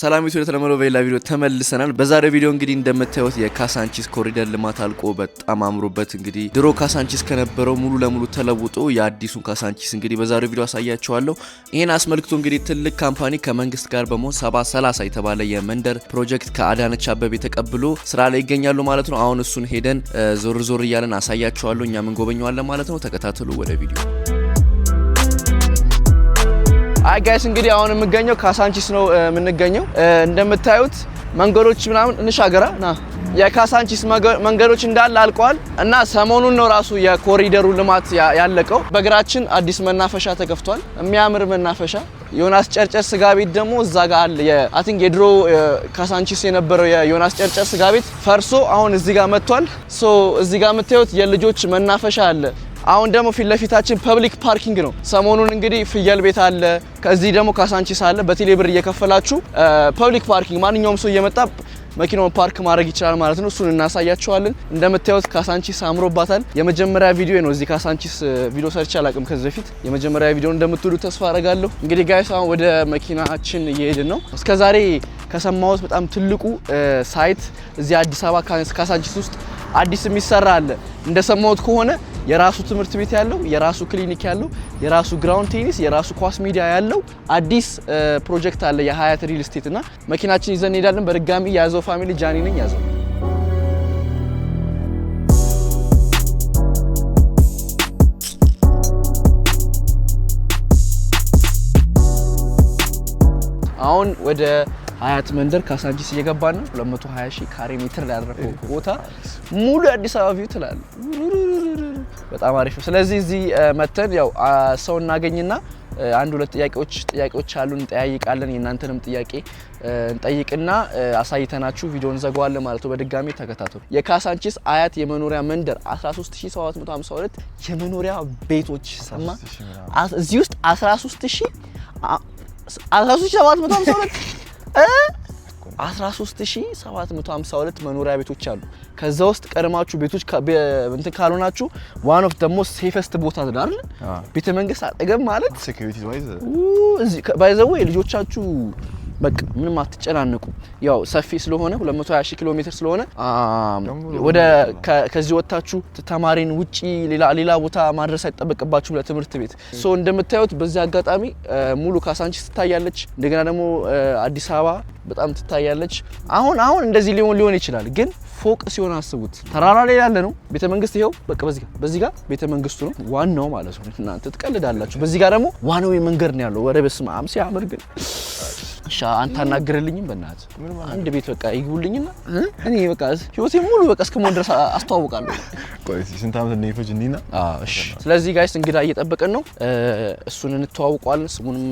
ሰላም ዩቱብ የተለመደው በሌላ ቪዲዮ ተመልሰናል። በዛሬ ቪዲዮ እንግዲህ እንደምታዩት የካሳንቺስ ኮሪደር ልማት አልቆ በጣም አምሮበት እንግዲህ ድሮ ካሳንቺስ ከነበረው ሙሉ ለሙሉ ተለውጦ የአዲሱን ካሳንቺስ እንግዲህ በዛሬ ቪዲዮ አሳያቸዋለሁ። ይህን አስመልክቶ እንግዲህ ትልቅ ካምፓኒ ከመንግስት ጋር በመሆን ሰባ ሰላሳ የተባለ የመንደር ፕሮጀክት ከአዳነች አበቤ ተቀብሎ ስራ ላይ ይገኛሉ ማለት ነው። አሁን እሱን ሄደን ዞር ዞር እያለን አሳያቸዋለሁ። እኛም እንጎበኘዋለን ማለት ነው። ተከታተሉ ወደ ቪዲዮ አይ ጋይስ እንግዲህ አሁን የምገኘው ካሳንቺስ ነው የምንገኘው። እንደምታዩት መንገዶች ምናምን እንሻገራ ና የካሳንቺስ መንገዶች እንዳለ አልቀዋል እና ሰሞኑን ነው ራሱ የኮሪደሩ ልማት ያለቀው። በእግራችን አዲስ መናፈሻ ተከፍቷል። የሚያምር መናፈሻ ዮናስ ጨርጨር ስጋ ቤት ደግሞ እዛ ጋ አለ። አይ ቲንክ የድሮ ካሳንቺስ የነበረው የዮናስ ጨርጨር ስጋ ቤት ፈርሶ አሁን እዚህ ጋር መጥቷል። ሶ እዚህ ጋር የምታዩት የልጆች መናፈሻ አለ። አሁን ደግሞ ፊት ለፊታችን ፐብሊክ ፓርኪንግ ነው። ሰሞኑን እንግዲህ ፍየል ቤት አለ፣ ከዚህ ደግሞ ካሳንቺስ አለ። በቴሌ ብር እየከፈላችሁ ፐብሊክ ፓርኪንግ ማንኛውም ሰው እየመጣ መኪናውን ፓርክ ማድረግ ይችላል ማለት ነው። እሱን እናሳያችኋለን። እንደምታዩት ካሳንቺስ አምሮባታል። የመጀመሪያ ቪዲዮ ነው። እዚህ ካሳንቺስ ቪዲዮ ሰርች አላቅም ከዚህ በፊት። የመጀመሪያ ቪዲዮ እንደምትወዱ ተስፋ አረጋለሁ። እንግዲህ ጋይስ አሁን ወደ መኪናችን እየሄድን ነው። እስከዛሬ ከሰማሁት በጣም ትልቁ ሳይት እዚህ አዲስ አበባ ካሳንቺስ ውስጥ አዲስ የሚሰራ አለ እንደሰማሁት ከሆነ የራሱ ትምህርት ቤት ያለው የራሱ ክሊኒክ ያለው የራሱ ግራውንድ ቴኒስ የራሱ ኳስ ሚዲያ ያለው አዲስ ፕሮጀክት አለ የሀያት ሪል ስቴት እና መኪናችን ይዘን እንሄዳለን። በድጋሚ የያዘው ፋሚሊ ጃኒ ነኝ ያዘው አሁን ወደ ሀያት መንደር ካሳንቺስ እየገባ ነው። 220 ሺህ ካሬ ሜትር ላይ ቦታ ሙሉ አዲስ አበባ ቪው ትላል። በጣም አሪፍ ነው። ስለዚህ እዚህ መተን ያው ሰው እናገኝና አንድ ሁለት ጥያቄዎች ጥያቄዎች አሉ እንጠያይቃለን። የእናንተንም ጥያቄ እንጠይቅና አሳይተናችሁ ቪዲዮ እንዘጋዋለን ማለት ነው። በድጋሚ ተከታተሉ። የካሳንቺስ አያት የመኖሪያ መንደር 13752 የመኖሪያ ቤቶች ሰማ እዚህ ውስጥ 13 13752 መኖሪያ ቤቶች አሉ። ከዛ ውስጥ ቀድማችሁ ቤቶች እንትን ካልሆናችሁ ዋን ኦፍ ደግሞ ሴፈስት ቦታ ነው ቤተ መንግስት አጠገብ ማለት ሴኩሪቲ ባይዘው ልጆቻችሁ በቃ ምንም አትጨናነቁ። ያው ሰፊ ስለሆነ 220 ኪሎ ሜትር ስለሆነ ወደ ከዚህ ወጥታችሁ ተማሪን ውጪ ሌላ ሌላ ቦታ ማድረስ አይጠበቅባችሁም ለትምህርት ቤት። ሶ እንደምታዩት በዚህ አጋጣሚ ሙሉ ካሳንቺስ ትታያለች። እንደገና ደግሞ አዲስ አበባ በጣም ትታያለች። አሁን አሁን እንደዚህ ሊሆን ሊሆን ይችላል ግን ፎቅ ሲሆን አስቡት። ተራራ ላይ ያለ ነው ቤተ መንግስት። ይኸው በቃ በዚህ ጋር በዚህ ጋር ቤተ መንግስቱ ነው ዋናው ማለት ነው። እናንተ ትቀልዳላችሁ። በዚህ ጋር ደግሞ ዋናው መንገድ ነው ያለው። ወደ በስመ አብ ሲያምር ግን እሺ አንተ አናግርልኝም፣ በእናት አንድ ቤት በቃ ይግቡልኝና እኔ በቃ ህይወቴ ሙሉ በቃ እስከ እስከመሆን ድረስ አስተዋውቃለሁ። ቆይ ስንት ዓመት እንደሚፈጅ እንዲና። እሺ ስለዚህ ጋይስ እንግዳ እየጠበቀን ነው። እሱን እንተዋውቀዋለን። ስሙንም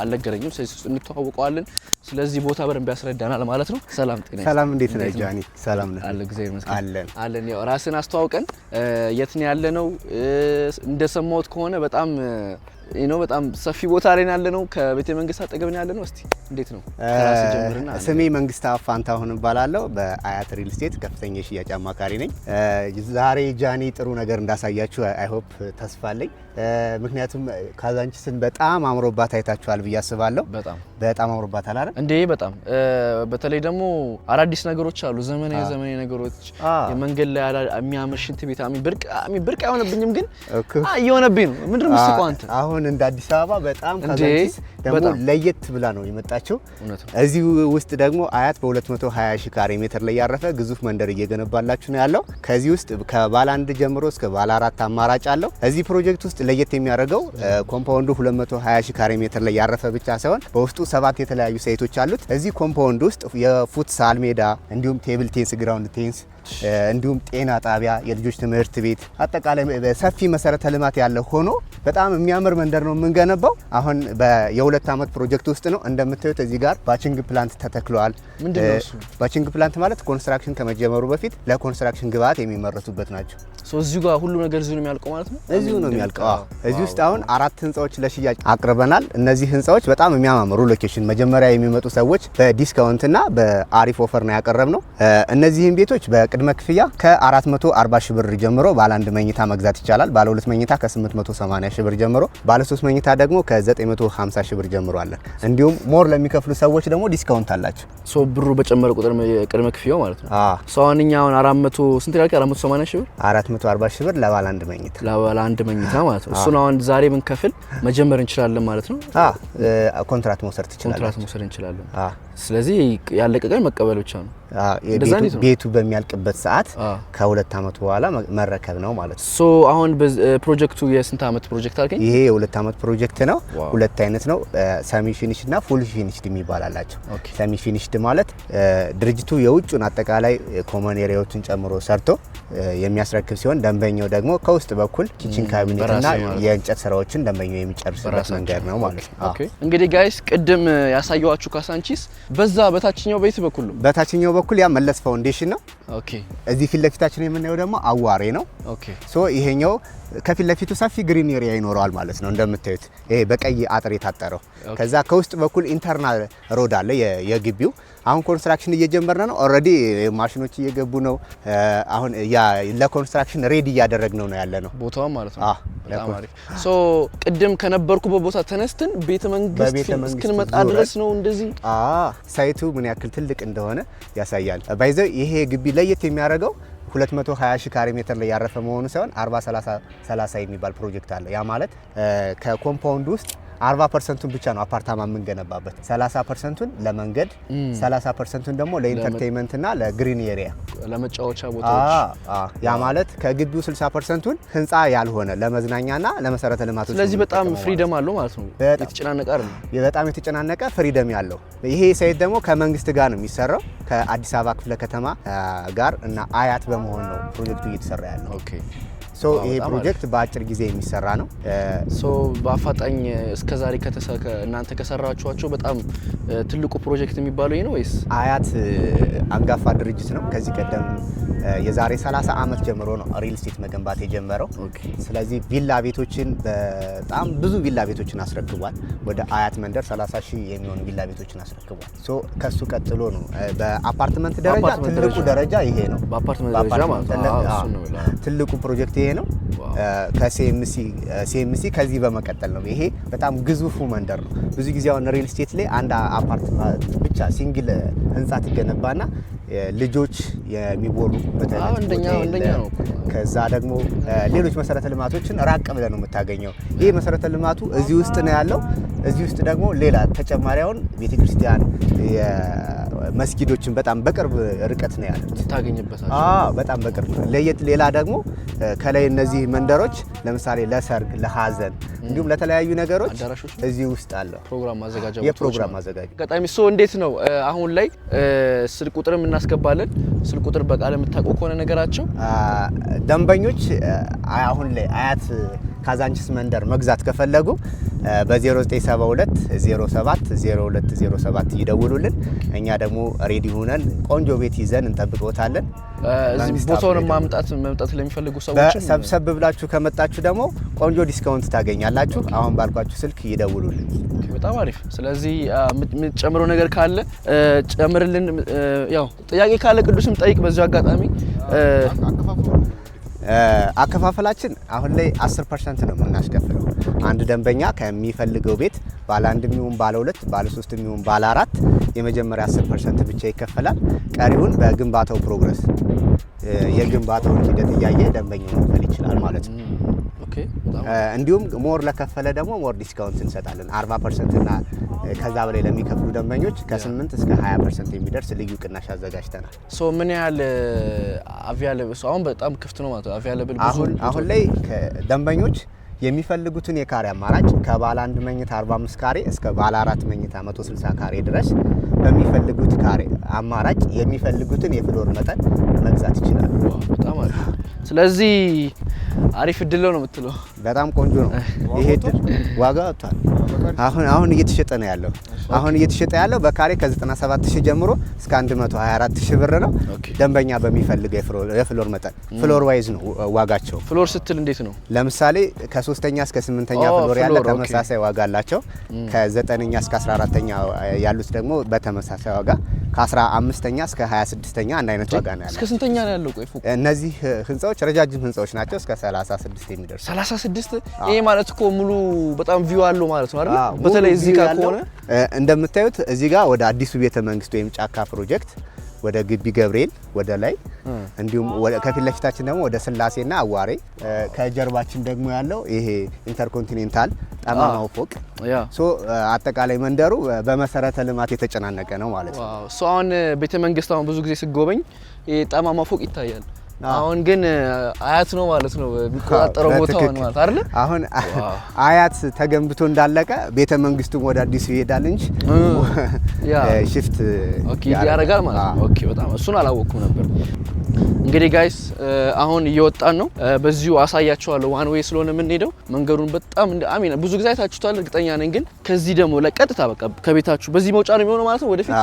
አልነገረኝም። ስለዚህ እሱን እንተዋውቀዋለን። ስለዚህ ቦታ በደንብ ያስረዳናል ማለት ነው። ሰላም ጤና ሰላም፣ እንዴት ነህ ጃኒ? ሰላም ነህ? አለ ጊዜ ይመስገን። አለን አለን። ያው ራስን አስተዋውቀን የት ነው ያለነው? እንደሰማሁት ከሆነ በጣም ነው። በጣም ሰፊ ቦታ ላይ ያለ ነው። ከቤተ መንግስት አጠገብ ያለ ነው። እስቲ እንዴት ነው? ስሜ መንግስት አፋንታ ፋንታሁን እባላለሁ። በአያት ሪል ስቴት ከፍተኛ የሽያጭ አማካሪ ነኝ። ዛሬ ጃኒ ጥሩ ነገር እንዳሳያችሁ አይሆፕ ተስፋ አለኝ። ምክንያቱም ካዛንችስን በጣም አምሮባት አይታችኋል ብዬ አስባለሁ። በጣም በጣም አምሮባት አላለ እንዴ? በጣም በተለይ ደግሞ አዳዲስ ነገሮች አሉ፣ ዘመናዊ ዘመናዊ ነገሮች የመንገድ ላይ የሚያምር ሽንት ቤት ብርቅ አይሆነብኝም፣ ግን እየሆነብኝ ነው። ምንድን ነው ምስቆ አንተ አሁን አሁን እንደ አዲስ አበባ በጣም ካዛንቺስ ደግሞ ለየት ብላ ነው የመጣችው። እዚህ ውስጥ ደግሞ አያት በ220 ሺህ ካሬ ሜትር ላይ ያረፈ ግዙፍ መንደር እየገነባላችሁ ነው ያለው። ከዚህ ውስጥ ከባለ አንድ ጀምሮ እስከ ባለ አራት አማራጭ አለው። እዚህ ፕሮጀክት ውስጥ ለየት የሚያደርገው ኮምፓውንዱ 220 ሺህ ካሬ ሜትር ላይ ያረፈ ብቻ ሳይሆን በውስጡ ሰባት የተለያዩ ሳይቶች አሉት። እዚህ ኮምፓውንድ ውስጥ የፉትሳል ሜዳ እንዲሁም ቴብል ቴንስ፣ ግራውንድ ቴንስ እንዲሁም ጤና ጣቢያ፣ የልጆች ትምህርት ቤት፣ አጠቃላይ ሰፊ መሰረተ ልማት ያለ ሆኖ በጣም የሚያምር መንደር ነው የምንገነባው። አሁን የሁለት ዓመት ፕሮጀክት ውስጥ ነው። እንደምታዩት እዚህ ጋር ባችንግ ፕላንት ተተክለዋል። ባችንግ ፕላንት ማለት ኮንስትራክሽን ከመጀመሩ በፊት ለኮንስትራክሽን ግብዓት የሚመረቱበት ናቸው። እዚሁ ጋር ሁሉ ነገር እዚሁ ነው የሚያልቀው ማለት ነው። እዚሁ ነው የሚያልቀው። እዚህ ውስጥ አሁን አራት ህንፃዎች ለሽያጭ አቅርበናል። እነዚህ ህንፃዎች በጣም የሚያማምሩ ሎኬሽን፣ መጀመሪያ የሚመጡ ሰዎች በዲስካውንትና በአሪፍ ኦፈር ነው ያቀረብ ነው። እነዚህን ቤቶች ቅድመ ክፍያ ከ440 ሺህ ብር ጀምሮ ባለ አንድ መኝታ መግዛት ይቻላል። ባለ ሁለት መኝታ ከ880 ሺህ ብር ጀምሮ፣ ባለ ሶስት መኝታ ደግሞ ከ950 ሺህ ብር ጀምሮ አለን። እንዲሁም ሞር ለሚከፍሉ ሰዎች ደግሞ ዲስካውንት አላቸው። ሶ ብሩ በጨመረ ቁጥር ቅድመ ክፍያው ማለት ነው። ሰው አሁን 400 ስንት ይላል? 480 ሺህ ብር 440 ሺህ ብር ለባለ አንድ መኝታ ለባለ አንድ መኝታ ማለት ነው። እሱን አሁን ዛሬ ብንከፍል መጀመር እንችላለን ማለት ነው። ኮንትራት መውሰድ ትችላለን። ኮንትራት መውሰድ እንችላለን። ስለዚህ ያለቀቀኝ መቀበል ብቻ ነው። ቤቱ በሚያልቅበት ሰዓት ከሁለት አመት በኋላ መረከብ ነው ማለት ነው። ሶ አሁን ፕሮጀክቱ የስንት አመት ፕሮጀክት አልከኝ? ይሄ የሁለት አመት ፕሮጀክት ነው። ሁለት አይነት ነው፣ ሰሚ ፊኒሽ እና ፉል ፊኒሽድ የሚባል አላቸው። ሰሚ ፊኒሽድ ማለት ድርጅቱ የውጭን አጠቃላይ ኮመን ኤሪያዎችን ጨምሮ ሰርቶ የሚያስረክብ ሲሆን ደንበኛው ደግሞ ከውስጥ በኩል ኪችን ካቢኔት እና የእንጨት ስራዎችን ደንበኛው የሚጨርስበት መንገድ ነው ማለት ነው። እንግዲህ ጋይስ ቅድም ያሳየዋችሁ ካሳንቺስ በዛ በታችኛው ቤት በኩል ነው። በታችኛው በኩል ያ መለስ ፋውንዴሽን ነው። ኦኬ። እዚህ ፊት ለፊታችን የምናየው ደግሞ አዋሬ ነው። ኦኬ። ሶ ይሄኛው ከፊት ለፊቱ ሰፊ ግሪን ኤሪያ ይኖረዋል ማለት ነው። እንደምታዩት ይሄ በቀይ አጥር የታጠረው። ከዛ ከውስጥ በኩል ኢንተርናል ሮድ አለ የግቢው አሁን ኮንስትራክሽን እየጀመርነ ነው። ኦልሬዲ eh, ማሽኖች እየገቡ ነው። eh, አሁን ያ ለኮንስትራክሽን ሬዲ እያደረግነው ነው ያለ ነው ቦታው ማለት ነው። ሶ ቅድም ከነበርኩበት ቦታ ተነስተን ቤተ መንግስት እስክንመጣ ድረስ ነው እንደዚህ ሳይቱ ምን ያክል ትልቅ እንደሆነ ያሳያል። ባይዘ uh, ይሄ ግቢ ለየት የሚያደርገው 220 ሺህ ካሬ ሜትር ላይ ያረፈ መሆኑ ሳይሆን 40 30 30 የሚባል ፕሮጀክት አለ። ያ ማለት eh, ከኮምፓውንድ ውስጥ አርባ ፐርሰንቱን ብቻ ነው አፓርታማ የምንገነባበት። ሰላሳ ፐርሰንቱን ለመንገድ፣ ሰላሳ ፐርሰንቱን ደግሞ ለኢንተርቴንመንት እና ለግሪን ኤሪያ ለመጫወቻ ቦታዎች። ያ ማለት ከግቢው ስልሳ ፐርሰንቱን ህንፃ ያልሆነ ለመዝናኛና ለመሰረተ ልማቶች። ስለዚህ በጣም ፍሪደም አለው ማለት ነው። የተጨናነቀ በጣም የተጨናነቀ ፍሪደም ያለው ይሄ ሳይት ደግሞ ከመንግስት ጋር ነው የሚሰራው ከአዲስ አበባ ክፍለ ከተማ ጋር እና አያት በመሆን ነው ፕሮጀክቱ እየተሰራ ያለው። ይሄ ፕሮጀክት በአጭር ጊዜ የሚሰራ ነው። በአፋጣኝ እስከዛሬ እናንተ ከሰራችኋቸው በጣም ትልቁ ፕሮጀክት የሚባለው ይህ ነው ወይስ? አያት አንጋፋ ድርጅት ነው። ከዚህ ቀደም የዛሬ 30 ዓመት ጀምሮ ነው ሪል ስቴት መገንባት የጀመረው። ስለዚህ ቪላ ቤቶችን በጣም ብዙ ቪላ ቤቶችን አስረክቧል። ወደ አያት መንደር 30 ሺህ የሚሆኑ ቪላ ቤቶችን አስረክቧል። ከሱ ቀጥሎ ነው በአፓርትመንት ደረጃ ትልቁ ደረጃ ይሄ ነው። ትልቁ ፕሮጀክት ይሄ ነው። ከሲኤምሲ ከዚህ በመቀጠል ነው። ይሄ በጣም ግዙፉ መንደር ነው። ብዙ ጊዜ አሁን ሪል ስቴት ላይ አንድ አፓርትመንት ብቻ ሲንግል ህንፃ ትገነባና ልጆች የሚቦሩበት ከዛ ደግሞ ሌሎች መሰረተ ልማቶችን ራቅ ብለህ ነው የምታገኘው። ይህ መሰረተ ልማቱ እዚህ ውስጥ ነው ያለው። እዚህ ውስጥ ደግሞ ሌላ ተጨማሪ አሁን ቤተክርስቲያን መስጊዶችን በጣም በቅርብ ርቀት ነው ያሉት ታገኝበታል። በጣም በቅርብ ለየት ሌላ ደግሞ ከላይ እነዚህ መንደሮች ለምሳሌ ለሰርግ፣ ለሀዘን እንዲሁም ለተለያዩ ነገሮች እዚህ ውስጥ አለ የፕሮግራም ማዘጋጀ አጋጣሚ ሶ እንዴት ነው አሁን ላይ ስልክ ቁጥርም እናስገባለን። ስልክ ቁጥር በቃለ ለምታውቁ ከሆነ ነገራቸው ደንበኞች አሁን ላይ አያት ካዛንችስ መንደር መግዛት ከፈለጉ በ0972 07 0207 ይደውሉልን። እኛ ደግሞ ሬዲ ሆነን ቆንጆ ቤት ይዘን እንጠብቅዎታለን። ቦታውን ማምጣት መምጣት ለሚፈልጉ ሰዎች ሰብሰብ ብላችሁ ከመጣችሁ ደግሞ ቆንጆ ዲስካውንት ታገኛላችሁ። አሁን ባልኳችሁ ስልክ ይደውሉልን። በጣም አሪፍ። ስለዚህ የምትጨምረው ነገር ካለ ጨምርልን። ያው ጥያቄ ካለ ቅዱስም ጠይቅ። በዚሁ አጋጣሚ አከፋፈላችን አሁን ላይ 10 ፐርሰንት ነው የምናስከፍለው። አንድ ደንበኛ ከሚፈልገው ቤት ባለ አንድ የሚሆን ባለ ሁለት ባለ ሶስት የሚሆን ባለ አራት የመጀመሪያ 10 ፐርሰንት ብቻ ይከፈላል። ቀሪውን በግንባታው ፕሮግረስ የግንባታውን ሂደት እያየ ደንበኛው መክፈል ይችላል ማለት ነው። እንዲሁም ሞር ለከፈለ ደግሞ ሞር ዲስካውንት እንሰጣለን 40 ፐርሰንት እና ከዛ በላይ ለሚከፍሉ ደንበኞች ከ8 እስከ 20 ፐርሰንት የሚደርስ ልዩ ቅናሽ አዘጋጅተናል። ምን ያህል አቪያለብል አሁን በጣም ክፍት ነው ማለት አቪያለብል አሁን አሁን ላይ ደንበኞች የሚፈልጉትን የካሬ አማራጭ ከባለ አንድ መኝታ 45 ካሬ እስከ ባለ አራት መኝታ 160 ካሬ ድረስ በሚፈልጉት ካሬ አማራጭ የሚፈልጉትን የፍሎር መጠን መግዛት ይችላሉ። በጣም አሪፍ። ስለዚህ አሪፍ እድል ነው የምትለው? በጣም ቆንጆ ነው። ይሄ እድል ዋጋ ወጥቷል። አሁን አሁን እየተሸጠ ነው ያለው። አሁን እየተሸጠ ያለው በካሬ ከ 97000 ጀምሮ እስከ 124000 ብር ነው። ደንበኛ በሚፈልገው የፍሎር መጠን ፍሎር ዋይዝ ነው ዋጋቸው። ፍሎር ስትል እንዴት ነው? ለምሳሌ ከሶስተኛ እስከ ስምንተኛ ፍሎር ያለ ተመሳሳይ ዋጋ አላቸው። ከዘጠነኛ እስከ 14ተኛ ያሉት ደግሞ በተ ተመሳሳይ ዋጋ ከ15ኛ እስከ 26ኛ አንድ አይነት ዋጋ ነው ያለው። እስከ ስንተኛ ነው ያለው? ቆይ ፎቅ እነዚህ ህንጻዎች ረጃጅም ህንጻዎች ናቸው። እስከ 36 የሚደርሱ 36። ይሄ ማለት እኮ ሙሉ በጣም ቪው አለው ማለት ነው አይደል? በተለይ እዚህ ጋር ከሆነ እንደምታዩት እዚህ ጋር ወደ አዲሱ ቤተ መንግስት ወይም ጫካ ፕሮጀክት ወደ ግቢ ገብርኤል ወደ ላይ እንዲሁም ከፊት ለፊታችን ደግሞ ወደ ስላሴና አዋሬ ከጀርባችን ደግሞ ያለው ይሄ ኢንተርኮንቲኔንታል ጠማማው ፎቅ ሶ አጠቃላይ መንደሩ በመሰረተ ልማት የተጨናነቀ ነው ማለት ነው። አሁን ቤተ መንግስት አሁን ብዙ ጊዜ ስጎበኝ ጠማማው ፎቅ ይታያል። አሁን ግን አያት ነው ማለት ነው የሚቆጣጠረው ቦታውን ማለት አይደል? አሁን አያት ተገንብቶ እንዳለቀ ቤተ መንግስቱም ወደ አዲሱ ይሄዳል እንጂ ሽፍት ያደርጋል ማለት ነው። ኦኬ፣ በጣም እሱን አላወቅኩም ነበር። እንግዲህ ጋይስ አሁን እየወጣን ነው። በዚሁ አሳያችኋለሁ። ዋን ዌይ ስለሆነ የምንሄደው መንገዱን በጣም አሚና ብዙ ጊዜ አይታችሁታል እርግጠኛ ነኝ። ግን ከዚህ ደግሞ ለቀጥታ በቃ ከቤታችሁ በዚህ መውጫ ነው የሚሆነው ማለት ነው። ወደፊት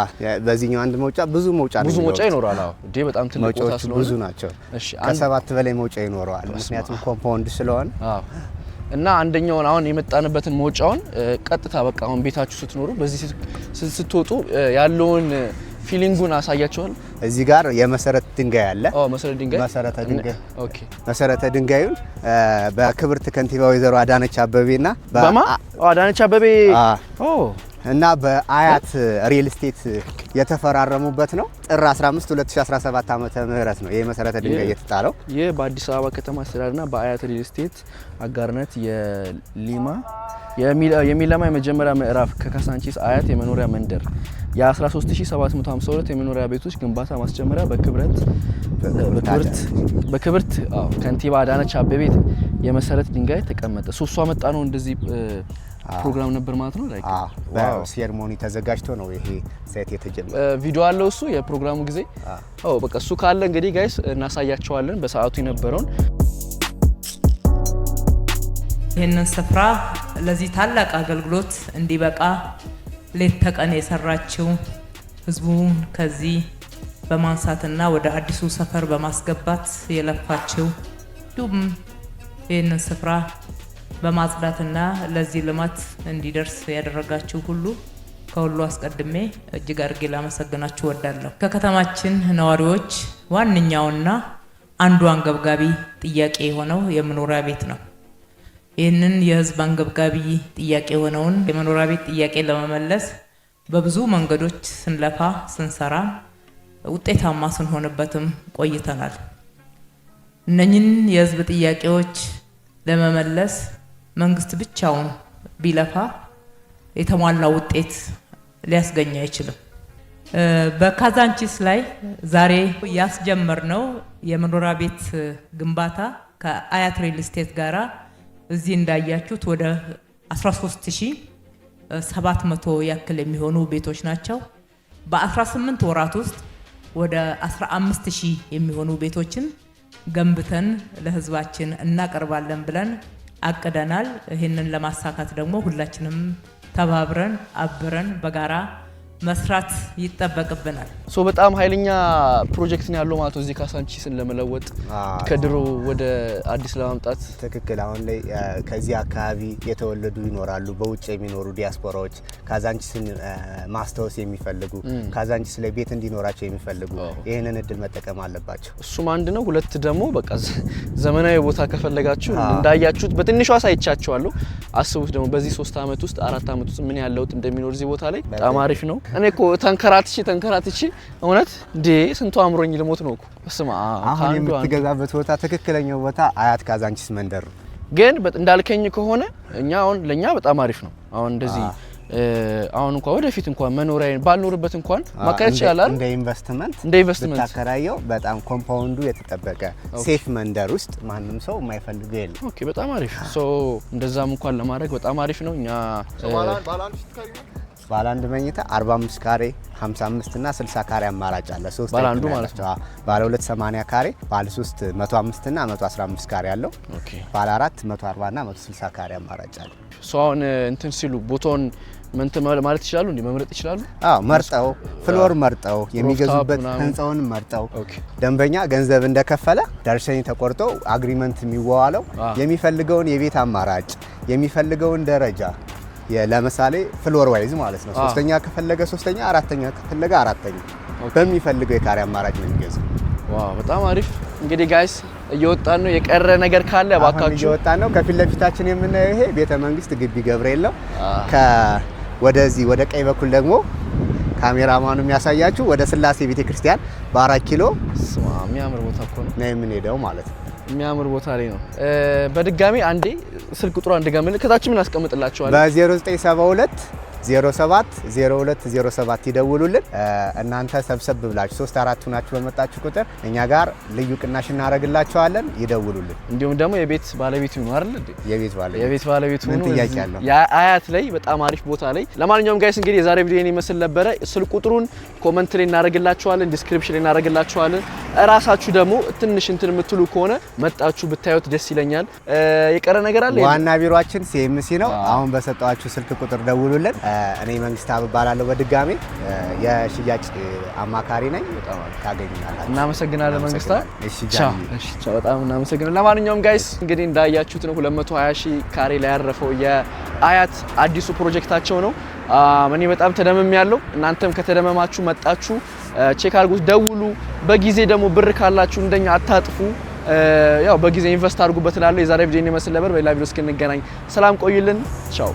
በዚህኛው አንድ መውጫ ብዙ መውጫ ብዙ መውጫ ይኖራል። አዎ እንዴ በጣም ትልቅ ቦታ ስለሆነ ብዙ ናቸው። ከሰባት በላይ መውጫ ይኖረዋል። ምክንያቱም ኮምፓውንድ ስለሆነ አዎ እና አንደኛውን አሁን የመጣንበትን መውጫውን ቀጥታ በቃ አሁን ቤታችሁ ስትኖሩ በዚህ ስትወጡ ያለውን ፊሊንጉን አሳያችኋል። እዚህ ጋር የመሰረት ድንጋይ አለ። መሰረተ ድንጋዩን በክብርት ከንቲባ ወይዘሮ አዳነች አበቤና አዳነች አበቤ እና በአያት ሪል ስቴት የተፈራረሙበት ነው። ጥር 15 2017 ምህረት ነው ይሄ መሰረተ ድንጋይ የተጣለው። ይህ በአዲስ አበባ ከተማ አስተዳደርና በአያት ሪል ስቴት አጋርነት የሊማ የሚለማ የመጀመሪያ ምዕራፍ ከካሳንቺስ አያት የመኖሪያ መንደር የ13752 የመኖሪያ ቤቶች ግንባታ ማስጀመሪያ በክብርት ከንቲባ አዳነች አቤቤ የመሰረት ድንጋይ ተቀመጠ። ሶስቱ አመጣ ነው እንደዚህ ፕሮግራም ነበር ማለት ነው። ሴርሞኒ ተዘጋጅቶ ነው ይሄ ሴት የተጀመረ። ቪዲዮ አለው እሱ የፕሮግራሙ ጊዜ። በቃ እሱ ካለ እንግዲህ ጋይስ እናሳያቸዋለን በሰዓቱ የነበረውን ይህንን ስፍራ ለዚህ ታላቅ አገልግሎት እንዲበቃ ሌት ተቀን የሰራችው ህዝቡን ከዚህ በማንሳትና ወደ አዲሱ ሰፈር በማስገባት የለፋችው እንዲሁም ይህንን ስፍራ በማጽዳትና ለዚህ ልማት እንዲደርስ ያደረጋችሁ ሁሉ ከሁሉ አስቀድሜ እጅግ አድርጌ ላመሰግናችሁ ወዳለሁ። ከከተማችን ነዋሪዎች ዋነኛውና አንዱ አንገብጋቢ ጥያቄ የሆነው የመኖሪያ ቤት ነው። ይህንን የህዝብ አንገብጋቢ ጥያቄ የሆነውን የመኖሪያ ቤት ጥያቄ ለመመለስ በብዙ መንገዶች ስንለፋ ስንሰራ ውጤታማ ስንሆንበትም ቆይተናል። እነኝን የህዝብ ጥያቄዎች ለመመለስ መንግስት ብቻውን ቢለፋ የተሟላ ውጤት ሊያስገኝ አይችልም። በካዛንቺስ ላይ ዛሬ ያስጀመርነው የመኖሪያ ቤት ግንባታ ከአያት ሪል ስቴት ጋራ እዚህ እንዳያችሁት ወደ 13700 ያክል የሚሆኑ ቤቶች ናቸው። በ18 ወራት ውስጥ ወደ 15000 የሚሆኑ ቤቶችን ገንብተን ለህዝባችን እናቀርባለን ብለን አቅደናል። ይህንን ለማሳካት ደግሞ ሁላችንም ተባብረን አብረን በጋራ መስራት ይጠበቅብናል። ሶ በጣም ኃይለኛ ፕሮጀክት ነው ያለው ማለት ነው። እዚህ ካሳንቺስን ለመለወጥ ከድሮ ወደ አዲስ ለማምጣት ትክክል። አሁን ላይ ከዚህ አካባቢ የተወለዱ ይኖራሉ፣ በውጭ የሚኖሩ ዲያስፖራዎች ካዛንቺስን ማስታወስ የሚፈልጉ ካዛንቺስ ላይ ቤት እንዲኖራቸው የሚፈልጉ ይህንን እድል መጠቀም አለባቸው። እሱም አንድ ነው። ሁለት ደግሞ በቃ ዘመናዊ ቦታ ከፈለጋችሁ እንዳያችሁት በትንሹ አሳይቻቸዋለሁ አስቡት ደግሞ በዚህ ሶስት አመት ውስጥ አራት አመት ውስጥ ምን ያለውጥ እንደሚኖር እዚህ ቦታ ላይ በጣም አሪፍ ነው። እኔ እኮ ተንከራትቼ ተንከራትቼ እውነት እንዴ ስንቱ አምሮኝ ልሞት ነው እኮ። ስማ አሁን የምትገዛበት ቦታ ትክክለኛው ቦታ አያት ካዛንቺስ መንደር ግን እንዳልከኝ ከሆነ እኛ አሁን ለእኛ በጣም አሪፍ ነው። አሁን እንደዚህ አሁን እንኳን ወደፊት እንኳን መኖሪያ ባልኖርበት እንኳን ማከራየት ይችላል። እንደ ኢንቨስትመንት እንደ ኢንቨስትመንት ብታከራየው በጣም ኮምፓውንዱ የተጠበቀ ሴፍ መንደር ውስጥ ማንም ሰው የማይፈልገው የለም። ኦኬ በጣም አሪፍ ሶ እንደዛም እንኳን ለማድረግ በጣም አሪፍ ነው እኛ ባለ አንድ መኝታ 45 ካሬ 55 እና 60 ካሬ አማራጭ አለ። ሶስት ባለ አንዱ ማለት ነው። ባለ 2 80 ካሬ፣ ባለ 3 105 እና 115 ካሬ አለው። ኦኬ። ባለ 4 140 እና 160 ካሬ አማራጭ አለ። ሶ አሁን እንትን ሲሉ ቦታውን ምን ማለት ይችላሉ? እንዴ? መምረጥ ይችላሉ። አዎ መርጠው ፍሎር መርጠው የሚገዙበት ህንፃውን መርጠው ደንበኛ ገንዘብ እንደከፈለ ደርሰኝ ተቆርጦ አግሪመንት የሚዋዋለው የሚፈልገውን የቤት አማራጭ የሚፈልገውን ደረጃ ለምሳሌ ፍሎር ዋይዝ ማለት ነው። ሶስተኛ ከፈለገ ሶስተኛ፣ አራተኛ ከፈለገ አራተኛ በሚፈልገው የካሬ አማራጭ ነው የሚገዛው። ዋው በጣም አሪፍ። እንግዲህ ጋይስ እየወጣን ነው። የቀረ ነገር ካለ እባካችሁ። እየወጣን ነው። ከፊት ለፊታችን የምናየው ይሄ ቤተ መንግስት ግቢ ገብርኤል ነው። ወደዚህ ወደ ቀኝ በኩል ደግሞ ካሜራማኑ የሚያሳያችሁ ወደ ስላሴ ቤተክርስቲያን በአራት ኪሎ የሚያምር ቦታ እኮ ነው የምንሄደው ማለት ነው። የሚያምር ቦታ ላይ ነው። በድጋሚ አንዴ ስልክ ቁጥሯን ድገምልን፣ ከታች ምን በ0972 070207 ይደውሉልን። እናንተ ሰብሰብ ብላችሁ ሶስት አራት ሁናችሁ በመጣችሁ ቁጥር እኛ ጋር ልዩ ቅናሽ እናደርግላቸዋለን። ይደውሉልን። እንዲሁም ደግሞ የቤት ባለቤቱ ነው አይደል? የቤት ባለቤቱ የቤት ባለቤቱ ምን ጥያቄ አለው? አያት ላይ በጣም አሪፍ ቦታ ላይ። ለማንኛውም ጋይስ እንግዲህ የዛሬ ቪዲዮ ይመስል ነበረ። ስልክ ቁጥሩን ኮመንት ላይ እናደርግላችኋለን፣ ዲስክሪፕሽን ላይ እናደርግላችኋለን። እራሳችሁ ደግሞ ትንሽ እንትን የምትሉ ከሆነ መጣችሁ ብታዩት ደስ ይለኛል። የቀረ ነገር አለ? ዋና ቢሮችን ሲኤምሲ ነው። አሁን በሰጠዋችሁ ስልክ ቁጥር ደውሉልን። እኔ መንግስት አብባላለሁ። በድጋሜ የሽያጭ አማካሪ ነኝ። ታገኙናላችሁ። እናመሰግናለን መንግስታ። በጣም እናመሰግናለን። ለማንኛውም ጋይስ እንግዲህ እንዳያችሁት ነው 220 ሺ ካሬ ላይ ያረፈው የአያት አዲሱ ፕሮጀክታቸው ነው። እኔ በጣም ተደመም ያለው እናንተም ከተደመማችሁ መጣችሁ ቼክ አድርጉት፣ ደውሉ። በጊዜ ደግሞ ብር ካላችሁ እንደኛ አታጥፉ። ያው በጊዜ ኢንቨስት አድርጉበት እላለሁ። የዛሬ ቪዲዮ ይመስል ነበር። በሌላ ቪዲዮ እስክንገናኝ ሰላም ቆዩልን። ቻው